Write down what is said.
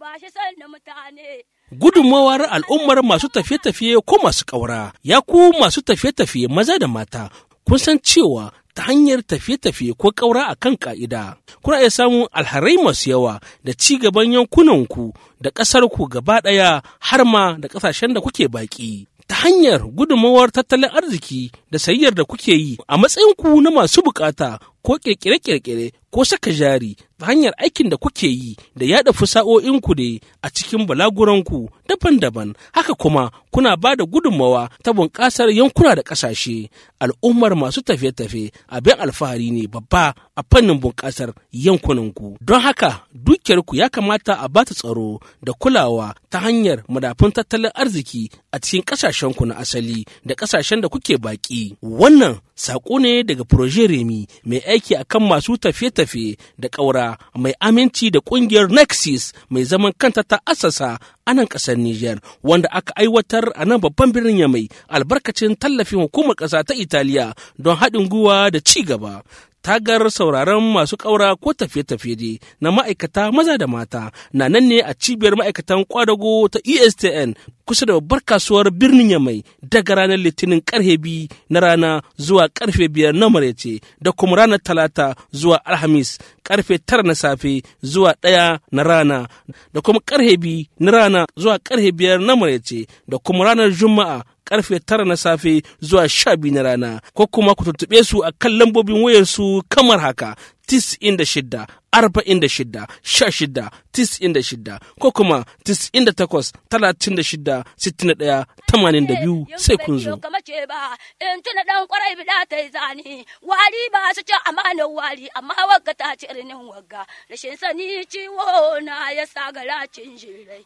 bashi san da mutane. Gudunmawar al'ummar masu tafiye-tafiye ko masu ƙaura, ya ku masu tafiye-tafiye maza da mata, kun san cewa ta hanyar tafiye-tafiye ko ƙaura a kan ƙa'ida. Kuna iya samun alharai masu yawa da ci gaban yankunanku da ƙasarku gaba ɗaya har ma da ƙasashen da kuke baƙi. Ta hanyar gudunmawar tattalin arziki da sayayyar da kuke yi a matsayinku na masu bukata ko kirkire-kirkire ko saka jari ta hanyar aikin da kuke yi da yada fusa'o'inku da a cikin balaguranku daban-daban haka kuma kuna ba da gudunmawa ta bunƙasar yankuna da ƙasashe al'ummar masu tafiye-tafiye abin alfahari ne babba a fannin bunƙasar yankunanku don haka dukiyarku ya kamata a ba ta tsaro da kulawa ta hanyar madafun tattalin arziki a cikin ƙasashenku na asali da ƙasashen da kuke baƙi wannan Saƙo ne daga Proje Remi mai aiki a kan masu tafiye-tafiye da ƙaura mai aminci da ƙungiyar Nexus mai zaman kanta ta asasa a nan ƙasar Nijar wanda aka aiwatar a nan babban birnin Yamai albarkacin tallafin hukumar ƙasa ta Italiya don haɗin gwiwa da ci gaba. tagar sauraron masu ƙaura ko tafiye-tafiye dai na ma'aikata maza da mata na nan ne a cibiyar ma'aikatan ƙwadago ta estn kusa da babbar kasuwar birnin yamai daga ranar litinin karfe biyu na rana zuwa karfe biyar na marece da kuma ranar talata zuwa alhamis karfe tara na safe zuwa ɗaya na rana da kuma karfe biyu na rana zuwa karfe biyar na maraice da kuma ranar juma'a karfe tara na safe zuwa sha biyu na rana ko kuma ku tuntuɓe su a kan lambobin wayarsu kamar haka tis'in da shidda arba'in da shidda sha shidda tis'in da shidda ko kuma tis'in da takwas talatin da shidda sittin da ɗaya tamanin da biyu sai kun zo. ba in tuna ɗan kwarai biɗa ta yi zani wari ba su ce amanar wari amma wagga ta ci irin wagga rashin sani ciwo na ya sa gara cin jirai.